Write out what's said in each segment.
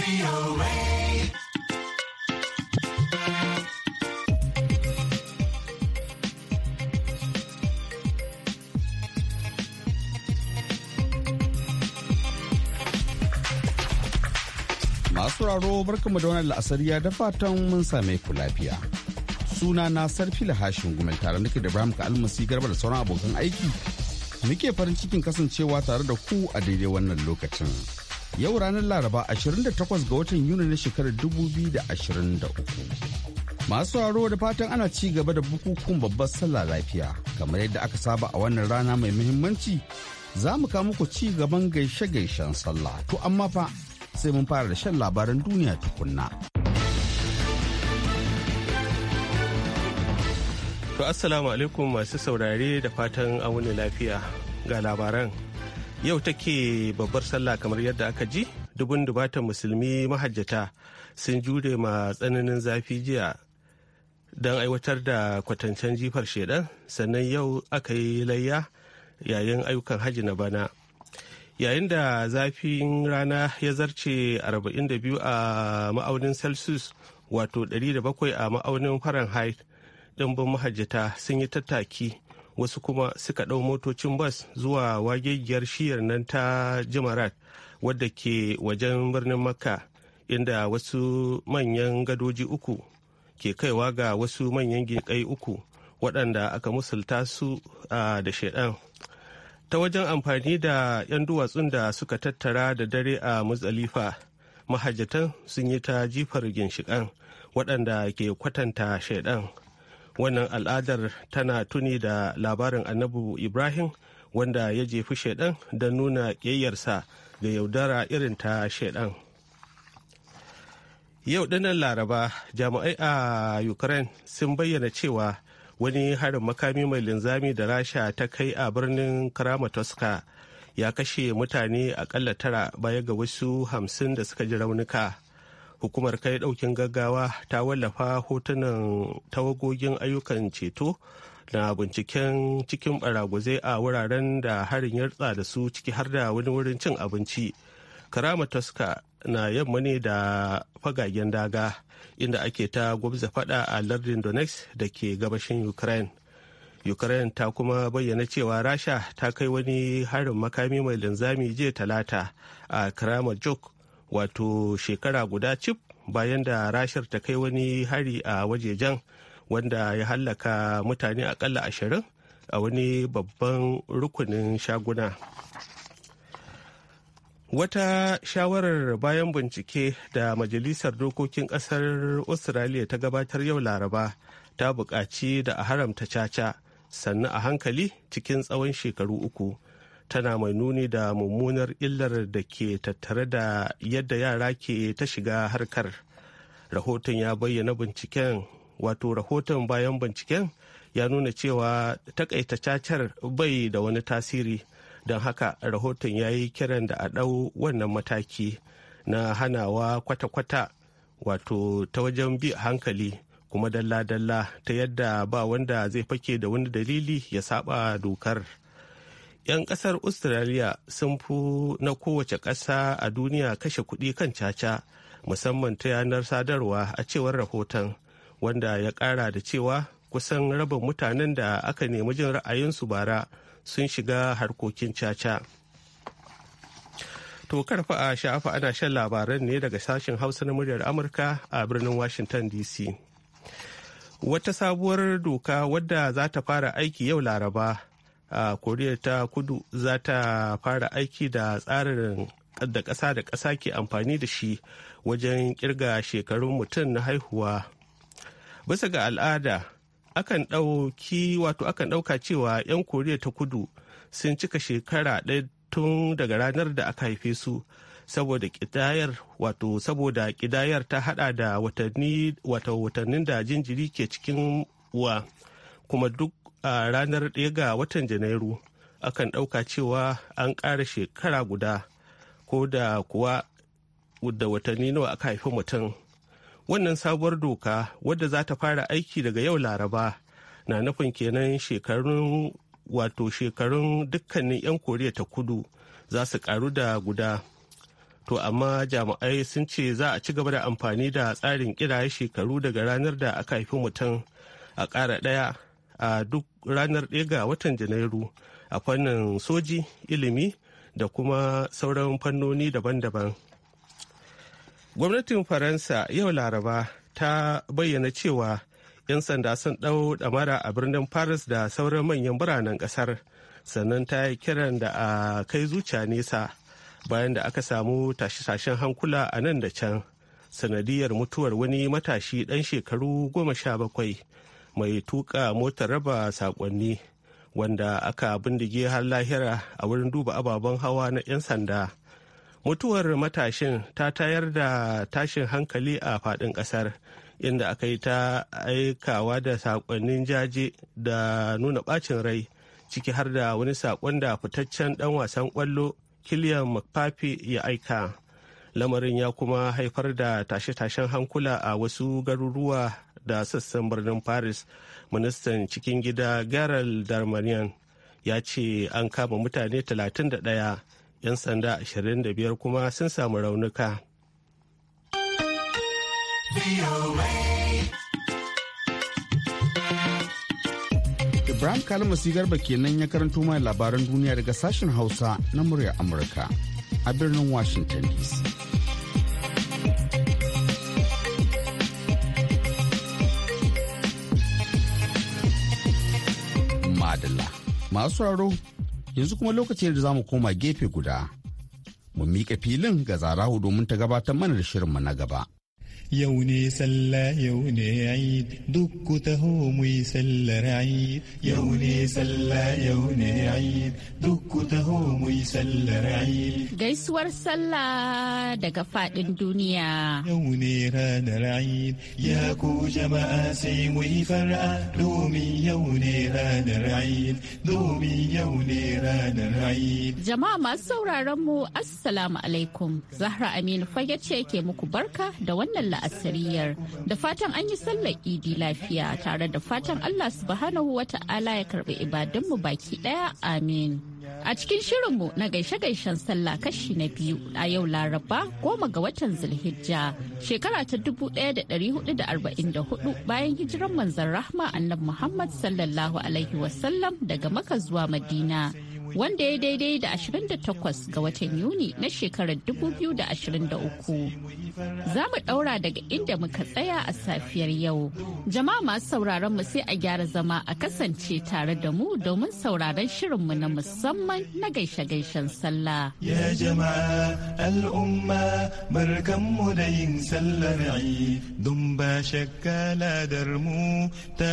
Masu raro mu da wannan la'asariya da fatan mun same ku lafiya. Suna na sarfi Sarfila Hashin Gumel tare nake da Ibrahim ka almasi garba da sauran abokan aiki. Muke farin cikin kasancewa tare da ku a daidai wannan lokacin. yau ranar laraba 28 ga watan yuni na shekarar 2023 masu haro da fatan ana ci gaba da bukukun babbar sallah lafiya kamar yadda aka saba a wannan rana mai muhimmanci za mu kawo muku ci gaban gaishe-gaishen sallah to amma fa sai mun fara da shan labaran duniya tukunna to assalamu alaikum masu saurare da fatan an wuni lafiya ga labaran yau take babbar sallah kamar yadda aka ji dubun dubatan musulmi mahajjata sun jure ma tsananin zafi jiya don aiwatar da kwatancen jifar shedan sannan yau aka yi layya yayin ayyukan hajji na bana yayin da zafin rana ya zarce 42 a ma'aunin celsius wato 107 a ma'aunin fahrenheit ɗimbin mahajjata sun yi tattaki wasu kuma suka ɗau motocin bas zuwa wagegiyar shiyar nan ta jimarat wadda ke wajen birnin makka inda wasu manyan gadoji uku ke kaiwa ga wasu manyan gikai uku waɗanda aka musulta su da shaidan ta wajen amfani da 'yan duwatsun da suka tattara da dare a muzalifa mahajjatan sun yi ta jifar ginshiƙan waɗanda ke kwatanta shaidan wannan al'adar tana tuni da labarin annabu ibrahim wanda ya jefi shaidan don nuna ƙiyayyarsa ga yaudara irin ta shaidan yau dinnan laraba jami'ai a ukraine sun bayyana cewa wani harin makami mai linzami da rasha ta kai a birnin kramatorska ya kashe mutane akalla tara baya ga wasu hamsin da suka ji raunuka hukumar kai daukin gaggawa ta wallafa hotunan tawagogin ayyukan ceto na binciken cikin baraguzai a wuraren da harin ya da su ciki har da wani wurin cin abinci karama na yamma ne da fagagen daga inda ake ta gwabza fada a lardin donetsk da ke gabashin ukraine ukraine ta kuma bayyana cewa rasha ta kai wani harin makami mai linzami jiya talata a karamar joke wato shekara guda cif bayan da rashar ta kai wani hari a wajejen wanda ya hallaka mutane akalla ashirin a wani babban rukunin shaguna wata shawarar bayan bincike da majalisar dokokin kasar australia ta gabatar yau laraba ta buƙaci da a haramta caca sannan a hankali cikin tsawon shekaru uku tana mai nuni da mummunar illar da ke tattare da yadda yara ke ta shiga harkar rahoton ya bayyana binciken wato rahoton bayan binciken ya nuna cewa takaita cacar bai da wani tasiri don haka rahoton ya yi kiran da a ɗau wannan mataki na hanawa kwata-kwata wato ta wajen bi hankali kuma dalla-dalla ta yadda ba wanda zai fake da wani dalili ya saba dokar. 'yan kasar australia sun fi na kowace ƙasa a duniya kashe kuɗi kan caca musamman ta yanar sadarwa a cewar rahoton wanda ya ƙara da cewa kusan rabin mutanen da aka nemi jin ra'ayinsu bara sun shiga harkokin caca to karfa a sha'afa ana shan labaran ne daga sashen hausa na muryar amurka a birnin washington dc wata sabuwar doka wadda za ta fara aiki yau laraba koriya ta kudu za ta fara aiki da tsarin da ƙasa da ƙasa ke amfani da shi wajen kirga shekarun mutum na haihuwa bisa ga al'ada akan ɗauki wato akan ɗauka cewa 'yan koriya ta kudu sun cika shekara ɗaya tun daga ranar da aka haife su saboda kidayar wato saboda kidayar ta hada da watanni wato watannin da jinjiri ke cikin uwa kuma duk a ranar 1 ga watan janairu akan ɗauka cewa an ƙara shekara guda ko da kuwa da watanni nawa aka haifi mutum wannan sabuwar doka wadda za ta fara aiki daga yau laraba na nufin kenan shekarun wato shekarun dukkanin 'yan koriya ta kudu za su karu da guda to amma jami'ai sun ce za a ci gaba da amfani da tsarin kiraye shekaru daga ranar da aka haifi mutum a ƙara ɗaya a duk ranar ɗaya ga watan janairu a fannin soji ilimi da kuma sauran fannoni daban-daban gwamnatin faransa yau laraba ta bayyana cewa 'yan sanda sun ɗau ɗamara a birnin paris da sauran manyan biranen ƙasar sannan ta yi kiran da a kai zuciya nesa bayan da aka samu tashe-tashen hankula a nan da can sanadiyar mutuwar wani matashi ɗan shekaru goma sha bakwai mai tuka motar raba sakonni wanda aka bindige har lahira a wurin duba ababen hawa na 'yan sanda mutuwar matashin ta tayar da tashin hankali a faɗin ƙasar inda aka yi ta aikawa da saƙonnin jaje da nuna ɓacin rai ciki har da wani saƙon da fitaccen ɗan wasan ƙwallo kiliyan mcpapi ya aika lamarin ya kuma haifar da tashe-tashen hankula a wasu garuruwa da sassan birnin paris ministan cikin gida garal darmanian ya ce an kama mutane 31 'yan sanda 25 kuma sun samu raunuka ibrahim kalmasi garba kenan ya karanto mai labaran duniya daga sashen hausa na murya amurka a birnin washington dc masu sauraro yanzu kuma lokacin da za mu koma gefe guda mu miƙa filin ga zarahu domin ta gabatar mana da shirinmu na gaba. yau ne sallah yau ne aid duk ku taho mu yi sallar aid yau ne sallah yau ne aid duk ku taho mu yi sallar aid gaisuwar sallah daga fadin duniya yau ne ranar aid ya ku jama'a sai mu yi far'a domin yau ne ranar aid domin yau ne ranar aid jama'a masu sauraron mu assalamu alaikum zahra aminu fage ce ke muku barka da wannan la'asariyar da fatan an yi sallar idi lafiya tare da fatan allah subhanahu wa ta'ala ya karbi ibadunmu baki daya amin a cikin shirinmu na gaishe-gaishen sallah kashi na biyu a yau laraba goma ga watan zulhijja shekara ta dubu da da da arba'in hudu bayan hijiran manzon rahma annabi muhammad sallallahu alaihi wasallam daga maka zuwa madina wanda ya daidai da 28 ga watan Yuni na shekarar 2023. Za mu ɗaura daga inda muka tsaya a safiyar yau. Jama'a masu sauraron mu sai a gyara zama a kasance tare da mu domin sauraron shirinmu na musamman na gaishe-gaishen sallah. Ya jama'a al'umma barkanmu da yin sallar don ba shakka ladar mu ta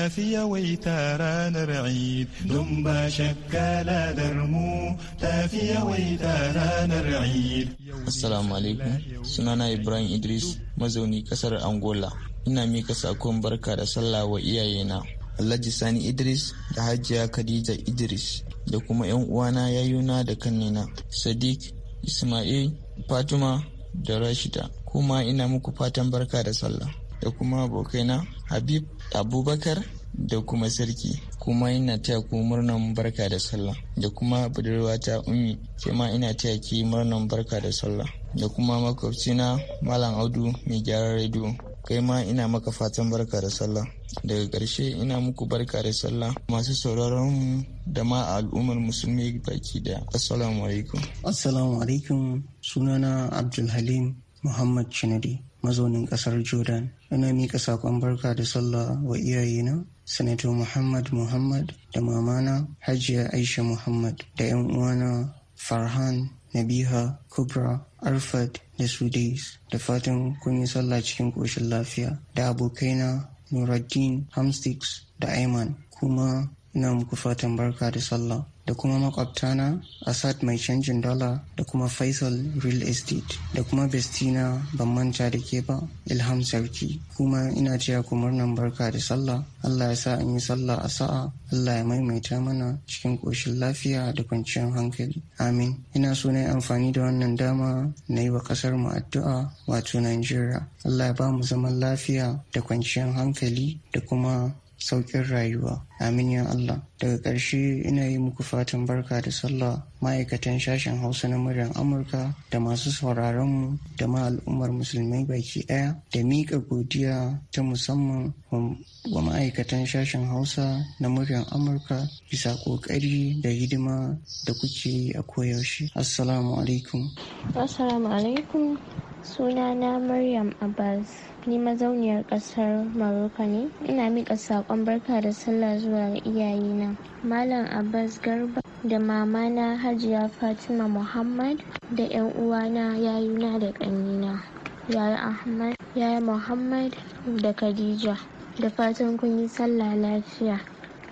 ranar Eid don ba shakka ladar mu tafi yawaita ranar Eid. Assalamu alaikum. Sunana Ibrahim Idris, mazauni kasar Angola. Ina mika sakon barka da sallah wa iyayena. Alhaji Sani Idris da Hajiya Khadija Idris da kuma 'yan uwana yayuna da kannina Sadiq, Ismail, Fatima da Rashida. Kuma ina muku fatan barka da sallah da kuma abokaina Habib Abubakar da kuma sarki kuma ina taya ku murnan barka da sallah da kuma budurwata ummi ke ma ina taya ki murnan barka da sallah da kuma makwabcina malam audu mai gyaran rediyo kai ma ina maka fatan barka da sallah daga ƙarshe ina muku barka da sallah masu sauraron da ma al'ummar musulmi baki da assalamu alaikum assalamu alaikum sunana abdulhalim muhammad chinadi mazaunin ƙasar jordan ina mika saƙon barka da sallah wa iyayena sanato muhammad muhammad da mamana hajiya aisha muhammad da 'yan uwana farhan nabiha kubra arfad da sudais da fatan kun yi sallah cikin ƙoshin lafiya da abokaina nuraddin Hamstix da aiman kuma ina muku fatan barka da sallah da kuma makwabtana Asad mai canjin dala da kuma Faisal Real Estate da kuma Bestina ban manta da ke ba Ilham Sarki kuma ina cewa ku murnan barka da sallah Allah ya sa an yi sallah a sa'a Allah ya maimaita mana cikin koshin lafiya da kwanciyar hankali amin ina so na yi amfani da wannan dama na yi wa kasar mu addu'a wato Najeriya Allah ya ba mu zaman lafiya da kwanciyar hankali da kuma Sauƙin rayuwa. Amin ya Allah. Daga ƙarshe ina yi muku fatan barka da sallah ma'aikatan sashen Hausa na muryar Amurka da masu sauraronmu da ma al'ummar musulmai baki ɗaya da miƙa godiya ta musamman wa ma'aikatan sashen Hausa na muryar Amurka bisa ƙoƙari da hidima da kuke yi a koyaushe. Assalamu alaikum. Assalamu alaikum. Sunana Maryam Abbas. ni mazauniyar ƙasar Maroko ne. Ina miƙa saƙon barka da sallah zuwa ga iyayena. Malam Abbas Garba da mamana Hajiya Fatima Muhammad da 'yan uwana yayuna da ƙanina. Yaya Ahmad, Yaya Muhammad da Khadija. Da fatan kun yi sallah lafiya.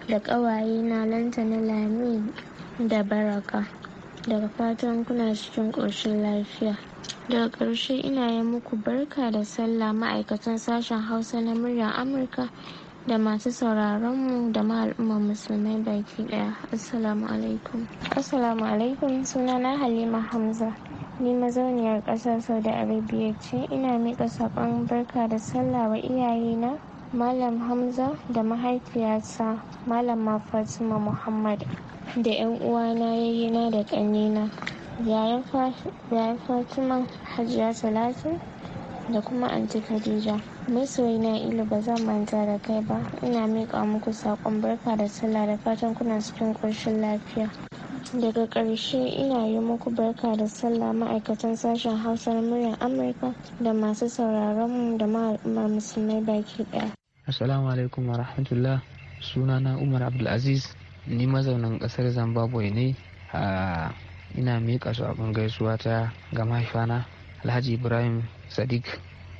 Da ƙawaye na Lantana Lami da Baraka. Daga fatan kuna cikin ƙoshin lafiya. daga ƙarshe ina yi muku barka da sallah ma'aikatan sashen hausa na muryar amurka da masu sauraron mu da al'ummar musulmai baki daya assalamu alaikum assalamu alaikum sunana halima hamza ni mazauniyar ƙasar saudi arabia ce ina miƙa saƙon barka da sallah wa iyayena malam hamza da mahaifiyata malam fatima muhammad da 'yan uwana yayina da ƙannena. yayin fatima hajiya talatin da kuma anti khadija masoyi na ilu ba zan manta da kai ba ina miƙa muku saƙon barka da sallah da fatan kuna cikin ƙoshin lafiya daga ƙarshe ina yi muku barka da sallah ma'aikatan sashen hausar muryar amurka da masu sauraron da ma'aikatan musulmai baki ɗaya assalamu alaikum wa rahmatullah sunana umar abdulaziz ni mazaunin ƙasar zimbabwe ne a ina miƙa su abin gaisuwa ta ga mahaifana alhaji ibrahim sadiq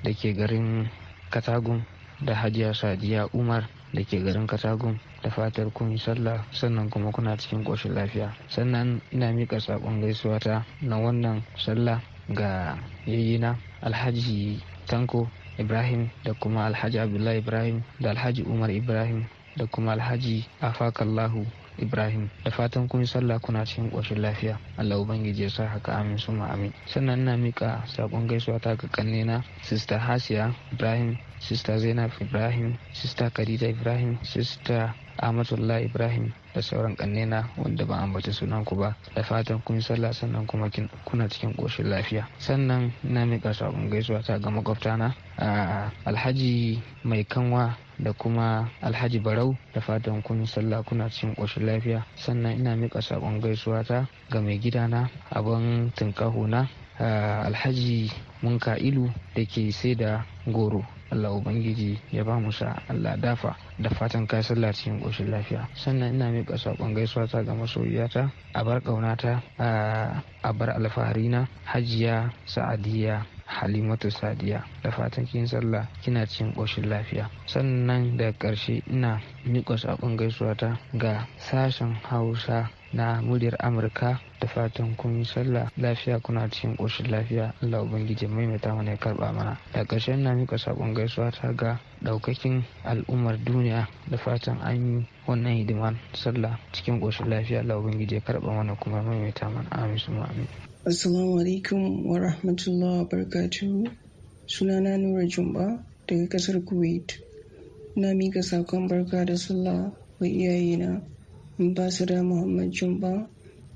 da ke garin katagun da hajiya sadiya umar da ke garin katagun da fatar kun yi sallah sannan kuma kuna cikin ƙoshin lafiya sannan ina miƙa saƙon gaisuwa ta na wannan sallah ga yayyina alhaji tanko ibrahim da kuma alhaji abdullahi ibrahim da alhaji umar ibrahim da kuma alhaji afakallahu ibrahim da fatan kun sallah kuna cikin ƙoshin lafiya allah ubangiji ya sa haka amin suma amin sannan ina mika saƙon gaisuwa ta ga kannena sista hasiya ibrahim sista zainab ibrahim sista khadija ibrahim sista Amatullah ibrahim da sauran kannena wanda ba ambaci sunan ku ba da fatan kun sallah sannan kuma kuna cikin ƙoshin lafiya sannan na mika saƙon gaisuwa ta ga makwabtana ah, alhaji mai kanwa da kuma alhaji barau da fatan kun sallah kuna cikin ƙoshin lafiya sannan ina miƙa saƙon gaisuwa ta ga mai gidana abin tunkahu na alhaji muka-ilu da ke sai da goro Allah Ubangiji ya ba mu sa Allah dafa da fatan kai sallah cikin ƙoshin lafiya sannan ina miƙa saƙon gaisuwa ta ga masoyiyata a bar ƙaunata a bar alfaharina hajiya sa'adiyya halimatu sadiya da fatan kin sallah kina cikin ƙoshin lafiya sannan da ƙarshe ina miƙa saƙon gaisuwa ta ga sashen hausa na muryar amurka da fatan kun sallah lafiya kuna cikin ƙoshin lafiya allah ubangiji maimaita mana ya karɓa mana da ƙarshe ina miƙa saƙon gaisuwa ta ga ɗaukakin al'ummar duniya da fatan an yi wannan hidiman sallah cikin ƙoshin lafiya allah ubangiji ya karɓa mana kuma maimaita mana amin su amin Assalamu alaikum wa rahmatullahi wa suna Sunana Nura Jumba daga kasar Kuwait. Na mika sakon barka da sallah wa iyayena da Muhammad Jumba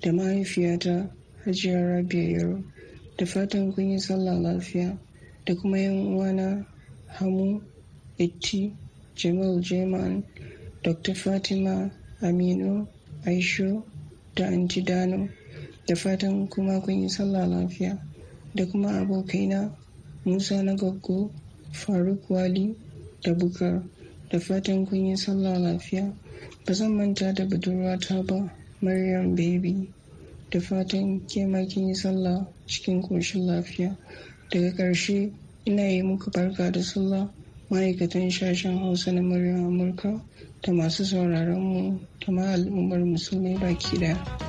da mahaifiyata Hajiya Rabia Yaro. Da fatan kun yi sallah lafiya da kuma yan uwana Hamu Itti Jamal Jeman Dr. Fatima Aminu Aisho da Antidano. da fatan kuma kun yi sallah lafiya da kuma abokaina musa na gaggo faruk wali da bukar da fatan kun yi sallah lafiya ba zan manta da budurwata ba maryam baby da fatan ke yi sallah cikin koshin lafiya daga karshe ina yi muku barka da sallah ma'aikatan shashen hausa na maryam amurka da masu sauraron mu da ma al'ummar baki daya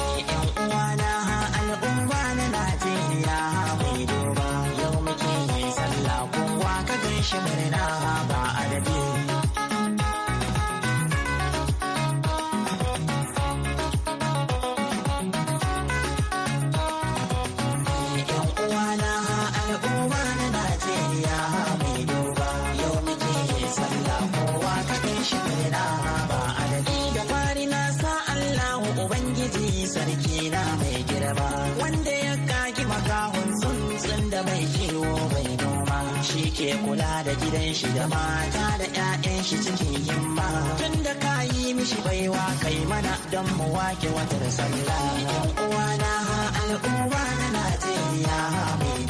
na mai girma wanda ya kagi makahon tsuntsun da mai kiwo bai noma shi ke kula da gidan shi da mata da 'ya'yan shi cikin himma tun da ka yi mishi baiwa kai mana don mu wake watar sallah ha al'umma na na mai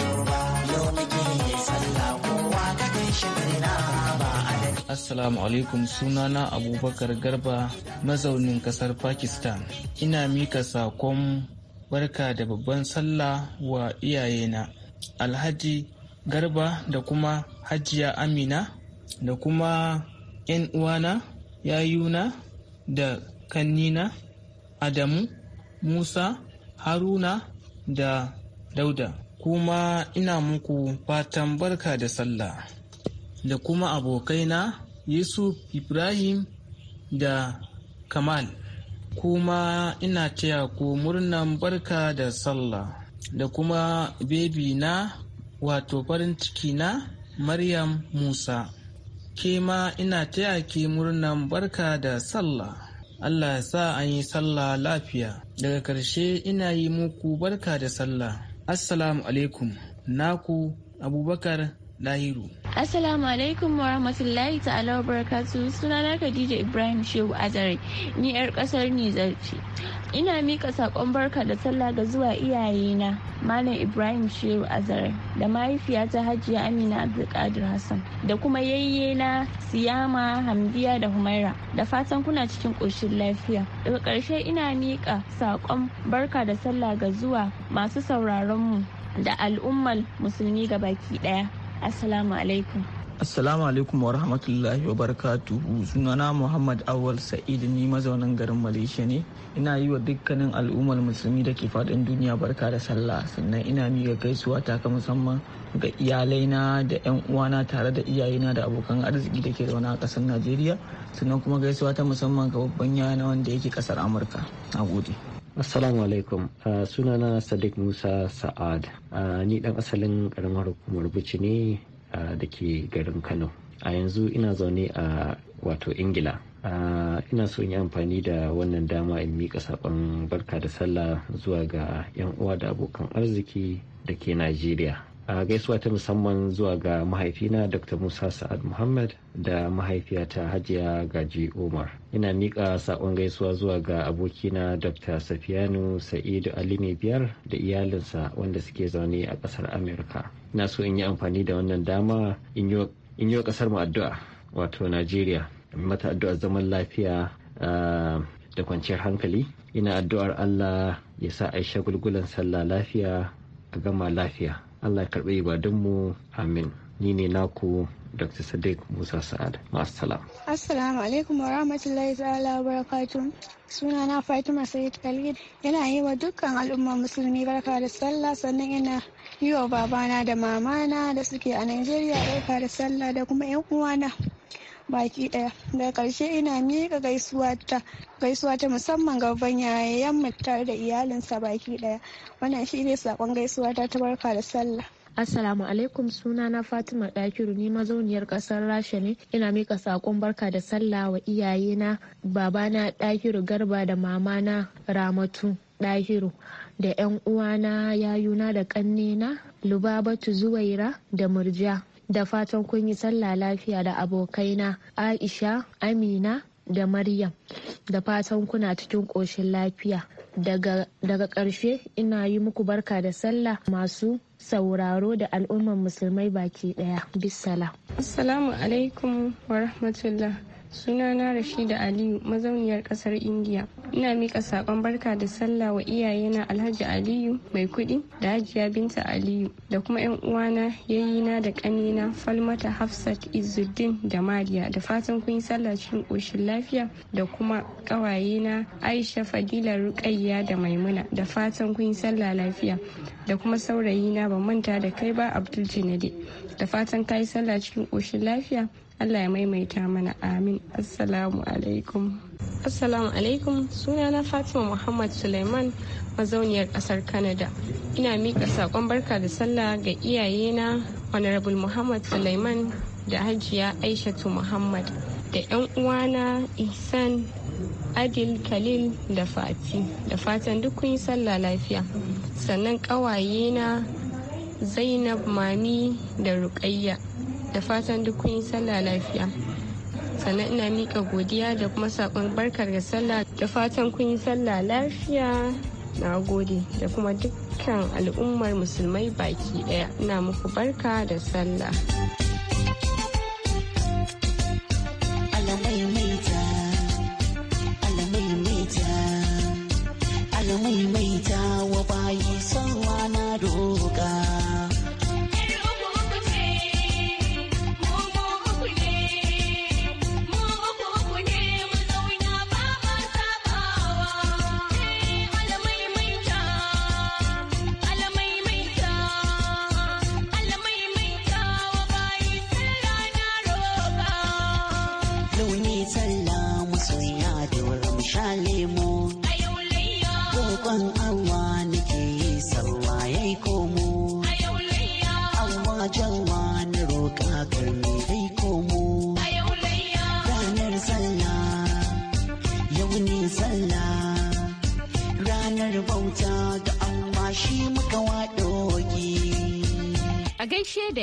Assalamu alaikum sunana Abubakar Garba mazaunin kasar Pakistan. Ina mika sakon barka da babban sallah wa iyayena Alhaji Garba da kuma Hajiya Amina da kuma 'yan uwana, yayuna da kannina Adamu, Musa, Haruna da Dauda. Kuma ina muku fatan barka da sallah. da kuma abokaina yusuf ibrahim da kamal kuma ina taya ku murnan barka da sallah da kuma bebi na wato farin ciki na maryam musa ke ma ina taya ki murnan barka da sallah allah ya sa an yi sallah lafiya daga karshe ina yi muku barka da sallah assalamu alaikum naku abubakar lahiru Assalamu alaikum wa rahmatullahi ta'ala wa barakatu sunana Khadija Ibrahim Shehu Azare ni yar ƙasar Nizar ce. Ina mika sakon barka da sallah ga zuwa iyayena Malam Ibrahim Shehu Azare da mahaifiyata Hajiya Amina Abdulkadir Hassan da kuma yayyena Siyama Hamdiya da Humaira da fatan kuna cikin ƙoshin lafiya. Daga ƙarshe ina mika sakon barka da sallah ga zuwa masu sauraron mu da al'ummar musulmi ga baki ɗaya. Assalamu alaikum. Assalamu alaikum wa rahmatullahi wa barakatuhu sunana Muhammad Awal Sa'id ni mazaunin garin Malaysia ne ina yi wa dukkanin al'ummar musulmi da ke faɗin duniya barka da sallah sannan ina miƙa gaisuwa ta ka musamman ga iyalaina da 'yan uwana tare da iyayena da abokan arziki da ke zaune a ƙasar Najeriya sannan kuma gaisuwa ta musamman ga babban yana wanda yake ƙasar Amurka. Na gode. Assalamu alaikum uh, sunana Sadiq Musa Sa'ad uh, ni dan asalin karamar hukumar buci ne uh, da ke garin Kano a yanzu ina zaune a wato Ingila uh, ina so yi amfani da wannan dama in mika saƙon barka da sallah zuwa ga 'yan uwa da abokan arziki da ke Najeriya a gaisuwa ta musamman zuwa ga mahaifina dr musa sa'ad muhammad da mahaifiyata hajiya gaji umar ina miƙa saƙon gaisuwa zuwa ga abokina dr safiyanu sa'idu alimi biyar da iyalinsa wanda suke zaune a ƙasar amurka Ina so in yi amfani da wannan dama in yi wa ƙasar mu addu'a wato najeriya mata addu'ar zaman lafiya da kwanciyar hankali ina addu'ar allah ya sa aisha gulgulan sallah lafiya a gama lafiya Allah ya ibadun mu amin ni ne naku Dr. Sadiq Musa Sa'ad. salam. Assalamu alaikum wa rahmatullahi ta'ala wa barakatuh. Suna na Fatima Sayyid Khalid. Yana yi wa dukkan al'umma musulmi barka da sallah sannan yana yi wa babana da mamana da suke a Najeriya barka da sallah da kuma 'yan uwana. baki daya da karshe ina miƙa gaisuwa ta musamman ga yan mutar da iyalinsa baki daya wannan shine sakon gaisuwa ta ta barka da sallah Assalamu alaikum suna na Fatima Dakiru ni mazauniyar kasar Rasha ne ina mika sakon barka da sallah wa iyayena babana Dakiru Garba da mamana Ramatu dakiru da 'yan uwana yayuna da ƙannena Lubabatu Zuwaira da Murja da fatan kun yi sallah lafiya da abokaina aisha amina da maryam da fatan kuna cikin ƙoshin lafiya daga ƙarshe ina yi muku barka da sallah masu sauraro da al'umman musulmai baki daya bisala assalamu alaikum wa rahmatullah sunana rashida aliyu mazauniyar kasar indiya ina mika sakon barka da sallah wa iyayena alhaji aliyu mai kudi da hajiya binta aliyu da kuma yan uwana yayina da kanina falmata hafsat izuddin da mariya da fatan kun yi sallah cikin koshin lafiya da kuma kawayena aisha fadila rukayya da maimuna da fatan kun yi sallah lafiya da kuma saurayina ba manta da kai ba abdul jinadi da fatan ka yi sallah cikin koshin lafiya Allah ya maimaita mana amin assalamu alaikum assalamu alaikum Suna na fatima muhammad suleiman mazauniyar kasar canada ina miƙa saƙon barka da sallah ga iyayena honorable muhammad suleiman da hajiya aishatu muhammad da 'yan uwana ihsan adil khalil da fati da fatan duk kun yi sallah lafiya sannan ƙawayena na zainab mami da ruƙayya da fatan duk kun yi sallah lafiya sannan ina mika godiya da kuma sakon barkar da sallah da fatan kun yi sallah lafiya na gode da kuma dukkan al'ummar musulmai baki daya ina muku barka da sallah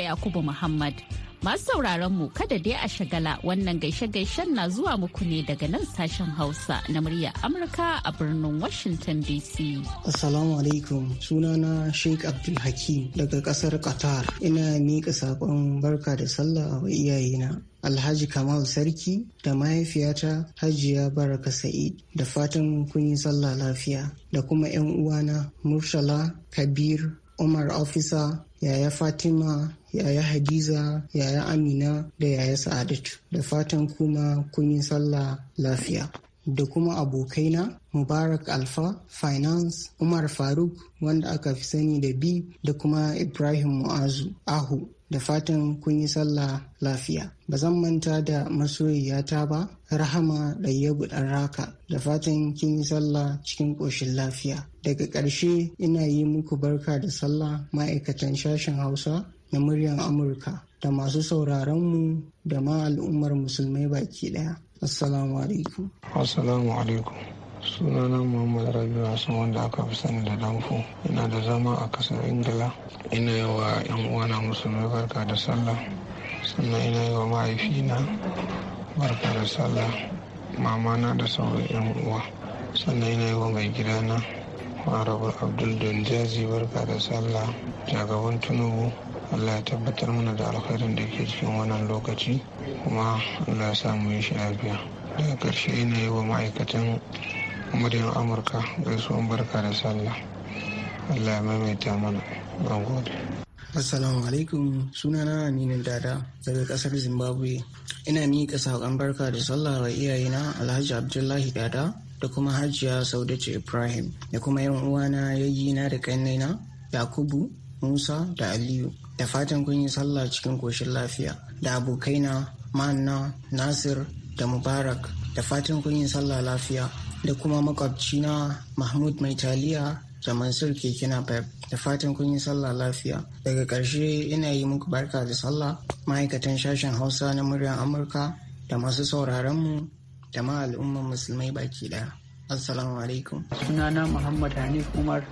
Yakubu Muhammad. Masu sauraron mu kada dai a shagala wannan gaishe-gaishen na zuwa muku ne daga nan sashen Hausa na murya Amurka a birnin Washington DC. Assalamu alaikum sunana Sheikh Abdul Hakim daga kasar Qatar. Ina miƙa saƙon barka da sallah wa iyayena. Alhaji Kamal Sarki da mahaifiyata Hajiya Baraka Sa'id da fatan kun yi sallah lafiya da kuma 'yan uwana Murshala Kabir Umar Ofisa yaya fatima yaya hadiza yaya amina da yaya sa'adatu da fatan kuma kun yi sallah lafiya da kuma abokaina mubarak alfa finance umar faruk wanda aka fi sani da bi da kuma ibrahim mu'azu ahu da fatan kun yi sallah lafiya. Ba zan manta da masoyiyata ba, rahama da yabu ɗan raka, da fatan kin yi sallah cikin ƙoshin lafiya. Daga ƙarshe ina yi muku barka da sallah ma'aikatan sashen Hausa na muryar Amurka da masu sauraronmu da ma al'ummar musulmai baki ɗaya. Assalamu alaikum. Assalamu alaikum. sunana muhammad rabi wasu wanda aka fi sani da danfo ina da zama a kasar ingila ina yi wa yan uwana musulmi barka da sallah sannan ina yi wa mahaifina barka da sallah mamana da sauran yan uwa sannan ina yi wa mai gidana harabar abdul jazi barka da sallah jagaban tunubu allah ya tabbatar mana da alkhairin da ke cikin wannan lokaci kuma allah ya samu yi shi lafiya daga karshe ina yi wa ma'aikatan muryar amurka gaisuwan barka da sallah allah ya maimaita mana na gode Assalamu alaikum sunana Aminu Dada daga kasar Zimbabwe. Ina miƙa saƙon barka da sallah wa iyayena Alhaji Abdullahi Dada da kuma Hajiya Saudace Ibrahim da kuma yan uwana yayyina da ƙannena Yakubu, Musa da Aliyu. Da fatan kun yi sallah cikin koshin lafiya da abokaina Manna, Nasir da Mubarak da fatan kun yi sallah lafiya da kuma makwabcina mahmud mai taliya da mansur kina pep da fatan kun yi sallah lafiya daga ƙarshe ina yi muku barka da sallah ma'aikatan sashen hausa na muryar amurka da masu sauraronmu da ma al'ummar musulmai baki daya assalamu alaikum sunana muhammad hanif umar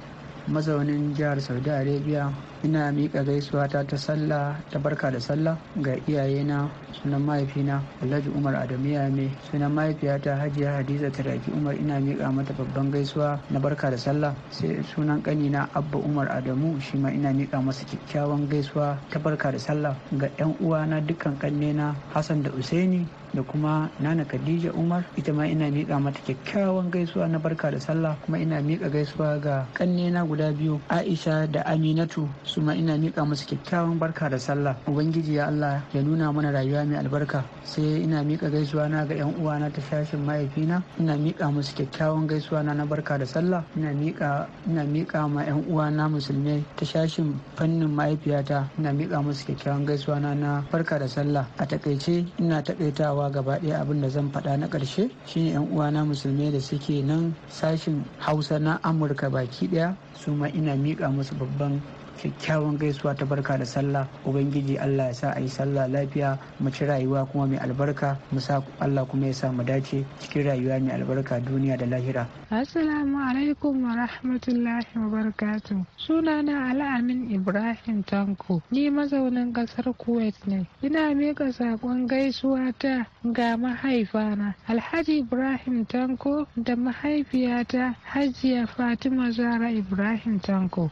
mazaunin jihar saudi arabia ina miƙa gaisuwa ta ta sallah ta barka da sallah ga iyayena sunan mahaifina alhaji umar adamu yame sunan mahaifiyata hajiya hadiza ta taraki umar ina miƙa mata babban gaisuwa na barka da sallah sai sunan ƙanina abba umar adamu shi ma ina miƙa masa kyakkyawan gaisuwa ta barka da sallah ga 'yan uwana dukkan ƙannena hassan da usaini da kuma nana khadija umar ita ma ina miƙa mata kyakkyawan gaisuwa na barka da sallah kuma ina miƙa gaisuwa ga ƙannena guda biyu aisha da aminatu su ma ina miƙa musu kyakkyawan barka da sallah ubangiji ya Allah ya nuna mana rayuwa mai albarka sai ina miƙa gaisuwa na ga yan uwana ta shashin mahaifina ina miƙa musu kyakkyawan gaisuwa na na barka da sallah ina miƙa ina miƙa ma yan uwana musulmai ta shashin fannin mahaifiyata ina miƙa musu kyakkyawan gaisuwa na na barka da sallah a takaice ina takaitawa gaba ɗaya abin da zan faɗa na ƙarshe shine yan uwana musulmai da suke nan sashin hausa na amurka baki ɗaya su ma ina miƙa musu babban kyakkyawan gaisuwa ta barka da sallah ubangiji allah ya sa a yi sallah lafiya mu ci rayuwa kuma mai albarka mu sa allah kuma ya sa mu dace cikin rayuwa mai albarka duniya da lahira assalamu alaikum wa rahmatullahi wa barakatuh sunana al'amin ibrahim tanko ni mazaunin kasar kuwait ne ina mika sakon gaisuwa ta ga mahaifana alhaji ibrahim tanko da mahaifiyata hajiya fatima zara ibrahim tanko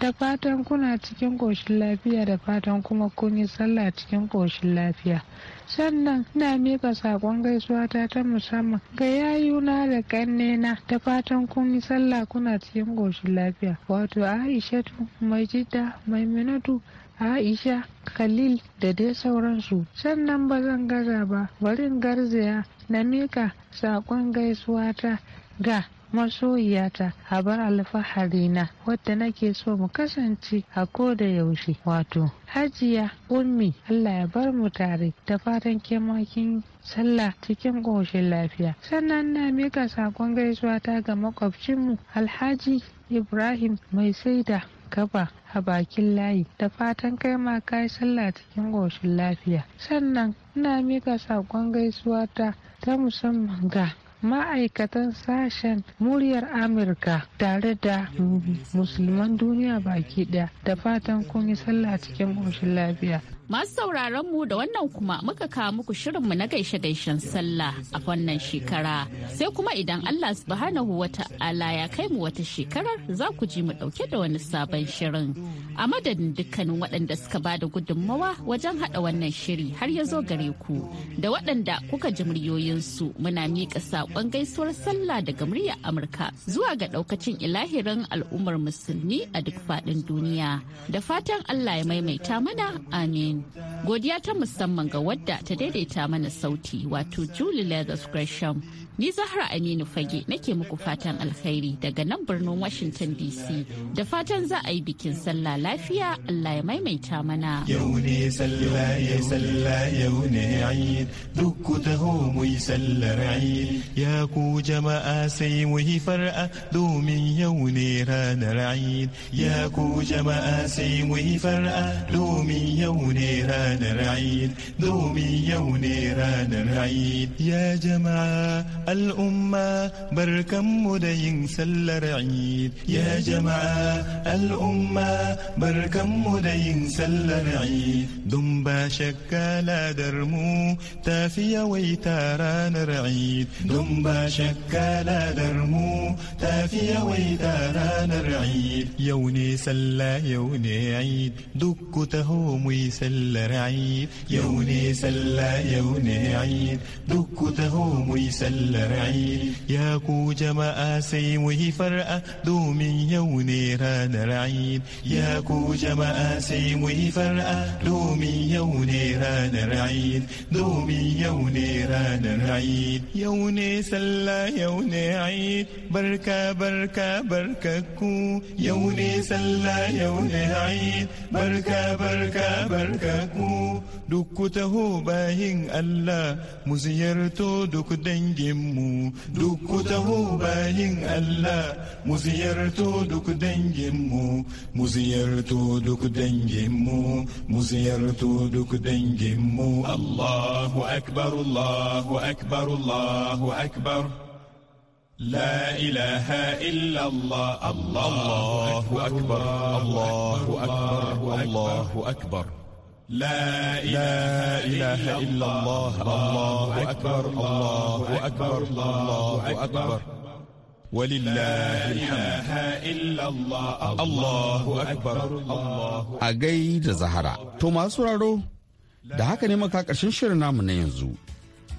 da fatan kuna cikin ƙoshin lafiya da fatan kuma kun yi sallah cikin ƙoshin lafiya sannan ina mika saƙon gaisuwa ta ta musamman ga yayuna da ƙannena da fatan kun yi sallah kuna cikin ƙoshin lafiya wato aishatu mai jidda minatu aisha khalil da dai sauransu sannan ba zan gaza ba barin garzaya na mika saƙon gaisuwa ta ga masoyiyata a habar na wadda nake so mu kasance a ko da yaushe wato hajiya ummi allah ya bar mu tare da fatan kemakin sallah cikin ƙoshin lafiya sannan na mika sakon gaisuwa ta ga makwabcinmu alhaji ibrahim mai saida gaba a bakin layi da fatan kai ma kai sallah cikin ƙoshin lafiya sannan na mika sakon gaisuwa ta musamman ga ma'aikatan sashen muryar amurka tare da musulman duniya baki daya da fatan kun yi sallah cikin ƙoshin lafiya Masu sauraron mu da wannan kuma muka kawo muku shirinmu na gaishe-gaishen sallah a wannan shekara. Sai kuma idan Allah subhanahu wata ala ya kai mu wata shekarar za ku ji mu dauke da wani sabon shirin. A madadin dukkanin waɗanda suka bada gudummawa wajen haɗa wannan shiri har ya zo gare ku. Da waɗanda kuka ji muryoyinsu muna miƙa saƙon gaisuwar sallah daga muryar Amurka zuwa ga ɗaukacin ilahirin al'ummar musulmi a duk faɗin duniya. Da fatan Allah ya maimaita mana amin. Godiya ta musamman ga wadda ta daidaita mana sauti wato Julie Leathers Gresham Ni Zahra Aminu Fage nake muku fatan alkhairi daga nan birnin Washington DC da fatan za a yi bikin sallah lafiya Allah ya maimaita mana. Yau ne sallah ya sallah yau ne Eid duk ku taho mu yi sallar Eid ya ku jama'a sai mu yi far'a domin yau ne ranar Eid ya ku jama'a sai mu yi far'a domin yau ne ranar Eid domin yau ne ranar Eid ya jama'a الأمة بركم مدين سلر عيد يا جماعة الأمة بركم مدين سلر عيد دمبا شكا لا درمو تافيا ويتاران رعيد دمبا شكا لا درمو تافيا ويتاران رعيد يوني سلا يوني عيد دك تهومي يسل عيد يوني سلا يوني عيد دك تهومي يسل ra'ayi ya ku jama'a sai mu yi far'a domin yau ne ranar ayin ya ku jama'a sai mu yi far'a domin yau ne ranar ayin domin yau ne ranar ayin yau ne sallah yau ne ayin barka barka barka ku yau ne sallah yau ne ayin barka barka barka ku duk ku taho bayin Allah mu ziyarto duk dangin mu duk ku taho bayin Allah mu ziyarto duk dangin mu mu ziyarto duk dangin mu mu ziyarto duk dangin mu Allahu akbar Allahu akbar Allahu akbar لا إله إلا الله الله أكبر الله أكبر الله أكبر الله أكبر, الله أكبر لا إله إلا الله الله الله أكبر الله أكبر الله أكبر ولله الحمد لا اله الا الله الله اكبر الله a gaida zahara to masu raro da haka ne maka karshen shirin namu na yanzu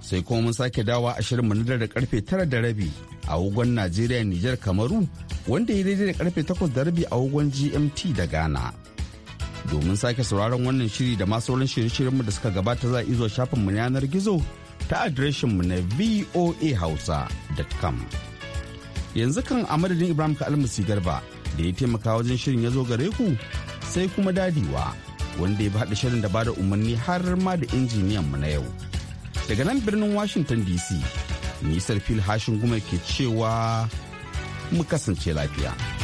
sai kuma mun sake dawa a shirin na da karfe 9 da rabi a ugon Najeriya Niger Kamaru wanda ya daidai da karfe 8 da rabi a ugon GMT da Ghana Domin sake sauraron wannan shiri da masu sauran shirye-shiryenmu da suka gabata za a izo shafinmu na yanar gizo ta adireshinmu na voahausa.com. Yanzu kan a madadin Ibrahim Kalmasi Garba da ya taimaka wajen shirin ya zo gare ku sai kuma dadiwa wanda ya haɗa shirin da bada umarni har ma da injiniyan mu na yau. Daga nan birnin Washington DC, nisar fil hashin guma ke cewa mu kasance lafiya.